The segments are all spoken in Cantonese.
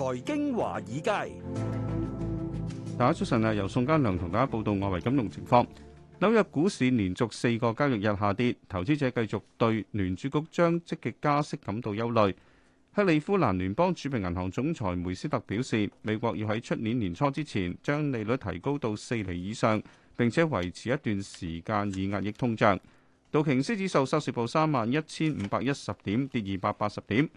財經華爾街，大家早晨啊！由宋嘉良同大家報道外圍金融情況。紐約股市連續四個交易日下跌，投資者繼續對聯儲局將積極加息感到憂慮。克利夫蘭聯邦儲備銀行總裁梅斯特表示，美國要喺出年年初之前將利率提高到四厘以上，並且維持一段時間以壓抑通脹。道瓊斯指數收市報三萬一千五百一十點，跌二百八十點。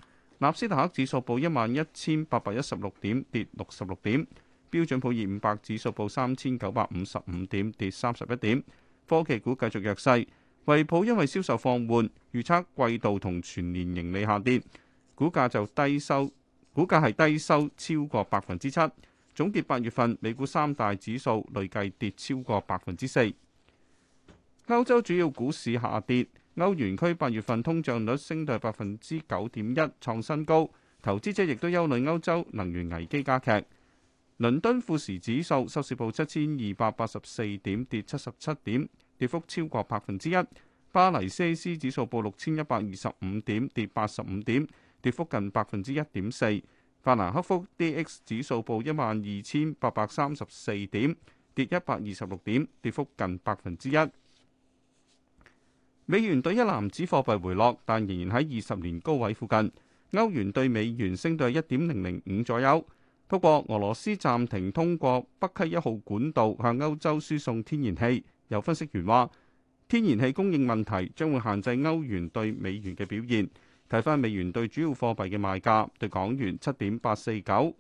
納斯達克指數報一萬一千八百一十六點，跌六十六點。標準普爾五百指數報三千九百五十五點，跌三十一點。科技股繼續弱勢。惠普因為銷售放緩，預測季度同全年盈利下跌，股價就低收，股價係低收超過百分之七。總結八月份美股三大指數累計跌超過百分之四。歐洲主要股市下跌。歐元區八月份通脹率升到百分之九點一，創新高。投資者亦都憂慮歐洲能源危機加劇。倫敦富時指數收市報七千二百八十四點，跌七十七點，跌幅超過百分之一。巴黎 CAC 指數報六千一百二十五點，跌八十五點，跌幅近百分之一點四。法蘭克福 DAX 指數報一萬二千八百三十四點，跌一百二十六點，跌幅近百分之一。美元兌一籃子貨幣回落，但仍然喺二十年高位附近。歐元兌美元升到一點零零五左右。不過俄羅斯暫停通過北溪一號管道向歐洲輸送天然氣，有分析員話，天然氣供應問題將會限制歐元兌美元嘅表現，睇翻美元兌主要貨幣嘅賣價，對港元七點八四九，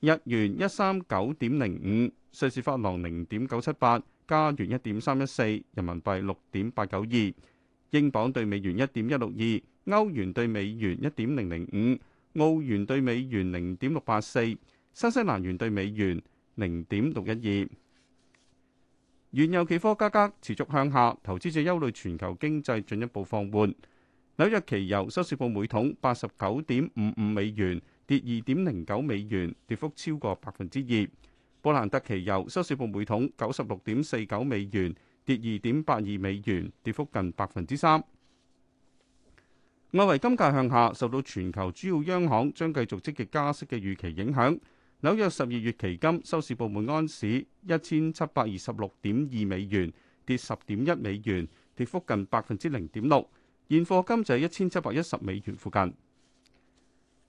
日元一三九點零五，瑞士法郎零點九七八，加元一點三一四，人民幣六點八九二。英鎊兌美元一點一六二，歐元兌美元一點零零五，澳元兌美元零點六八四，新西蘭元兌美元零點六一二。原油期貨價格持續向下，投資者憂慮全球經濟進一步放緩。紐約期油收市報每桶八十九點五五美元，跌二點零九美元，跌幅超過百分之二。布蘭特期油收市報每桶九十六點四九美元。跌二點八二美元，跌幅近百分之三。外圍金價向下，受到全球主要央行將繼續積極加息嘅預期影響。紐約十二月期金收市報每安士一千七百二十六點二美元，跌十點一美元，跌幅近百分之零點六。現貨金就喺一千七百一十美元附近。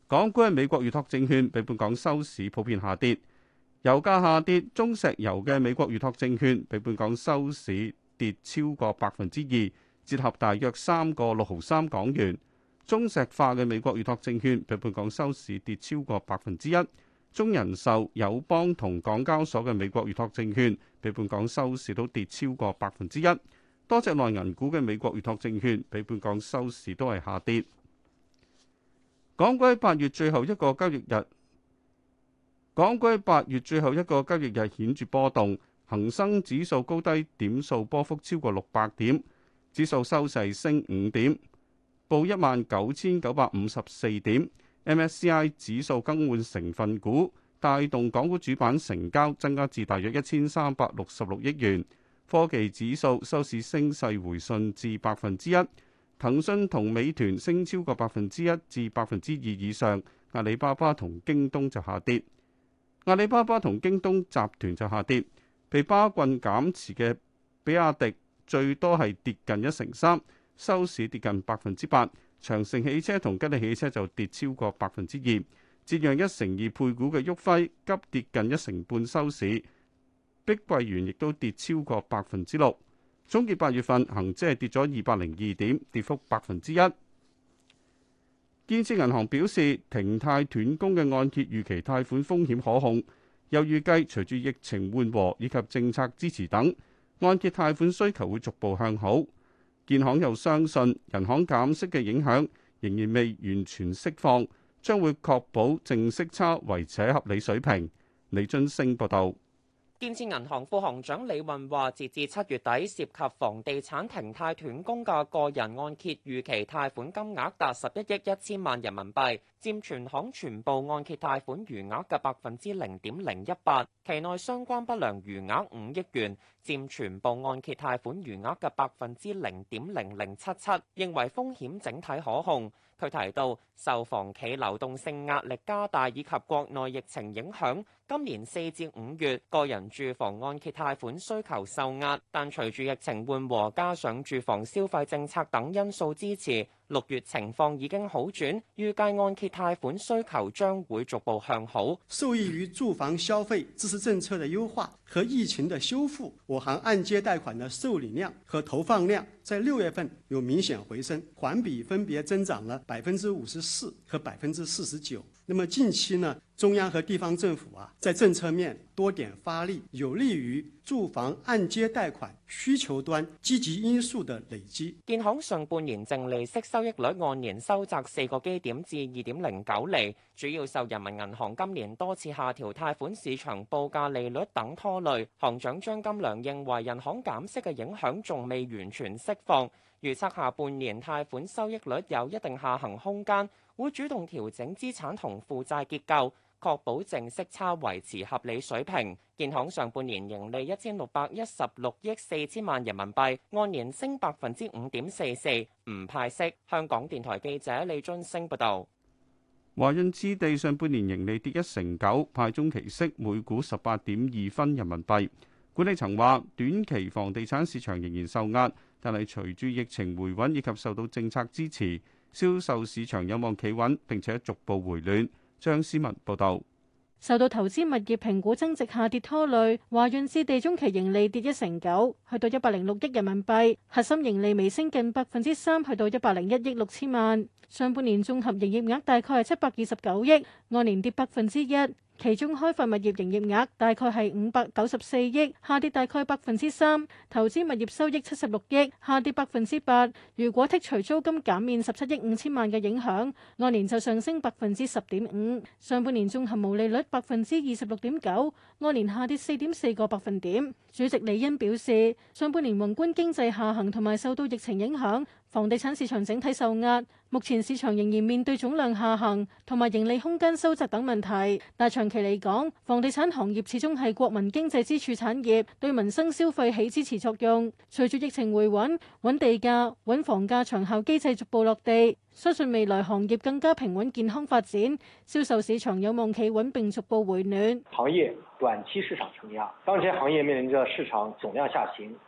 港股喺美國預託證券比本港收市普遍下跌。油價下跌，中石油嘅美國預託證券比本港收市跌超過百分之二，折合大約三個六毫三港元。中石化嘅美國預託證券比本港收市跌超過百分之一。中人壽、友邦同港交所嘅美國預託證券比本港收市都跌超過百分之一。多隻內銀股嘅美國預託證券比本港收市都係下跌。港區八月最後一個交易日。港股喺八月最後一個交易日顯著波動，恒生指數高低點數波幅超過六百點，指數收勢升五點，報一萬九千九百五十四點。MSCI 指數更換成分股，帶動港股主板成交增加至大約一千三百六十六億元。科技指數收市升勢回順至百分之一，騰訊同美團升超過百分之一至百分之二以上，阿里巴巴同京東就下跌。阿里巴巴同京東集團就下跌，被巴郡減持嘅比亞迪最多係跌近一成三，收市跌近百分之八。長城汽車同吉利汽車就跌超過百分之二。折讓一成二配股嘅旭輝急跌近一成半，收市。碧桂園亦都跌超過百分之六。總結八月份恒指係跌咗二百零二點，跌幅百分之一。建設銀行表示，停貸斷供嘅按揭預期貸款風險可控，又預計隨住疫情緩和以及政策支持等，按揭貸款需求會逐步向好。建行又相信，人行減息嘅影響仍然未完全釋放，將會確保正息差維持合理水平。李俊升報道。建設銀行副行長李運話，截至七月底，涉及房地產停貸斷供嘅個人按揭逾期貸款金額達十一億一千萬人民幣，佔全行全部按揭貸款餘額嘅百分之零點零一八，期內相關不良餘額五億元，佔全部按揭貸款餘額嘅百分之零點零零七七，認為風險整體可控。佢提到，受房企流動性壓力加大以及國內疫情影響。今年四至五月，個人住房按揭貸款需求受壓，但隨住疫情緩和，加上住房消費政策等因素支持，六月情況已經好轉，預計按揭貸款需求將會逐步向好。受益於住房消費支持政策的優化和疫情的修復，我行按揭貸款的受理量和投放量在六月份有明顯回升，環比分別增長了百分之五十四和百分之四十九。那麼近期呢？中央和地方政府啊，在政策面多點發力，有利於住房按揭貸款需求端積極因素的累積。建行上半年淨利息收益率按年收窄四個基點至二點零九厘，主要受人民銀行今年多次下調貸款市場報價利率等拖累。行長張金良認為，銀行減息嘅影響仲未完全釋放，預測下半年貸款收益率有一定下行空間，會主動調整資產同負債結構。確保淨息，息差維持合理水平，建行上半年盈利一千六百一十六億四千萬人民幣，按年升百分之五點四四，唔派息。香港電台記者李津升報道。華潤置地上半年盈利跌一成九，派中期息每股十八點二分人民幣。管理層話，短期房地產市場仍然受壓，但係隨住疫情回穩以及受到政策支持，銷售市場有望企穩並且逐步回暖。張思文報道，受到投資物業評估增值下跌拖累，華潤置地中期盈利跌一成九，去到一百零六億人民幣，核心盈利微升近百分之三，去到一百零一億六千萬。上半年綜合營業額大概係七百二十九億，按年跌百分之一。其中開發物業營業額大概係五百九十四億，下跌大概百分之三；投資物業收益七十六億，下跌百分之八。如果剔除租金減免十七億五千萬嘅影響，按年就上升百分之十點五。上半年綜合毛利率百分之二十六點九，按年下跌四點四個百分點。主席李欣表示，上半年宏觀經濟下行同埋受到疫情影響。房地產市場整體受壓，目前市場仍然面對總量下行同埋盈利空間收窄等問題。但長期嚟講，房地產行業始終係國民經濟支柱產業，對民生消費起支持作用。隨住疫情回穩，穩地價、穩房價長效機制逐步落地，相信未來行業更加平穩健康發展，銷售市場有望企穩並逐步回暖。行業短期市場承壓，當前行業面臨着市場總量下行，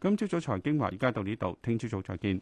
今朝早財經華爾街到呢度，聽朝早再見。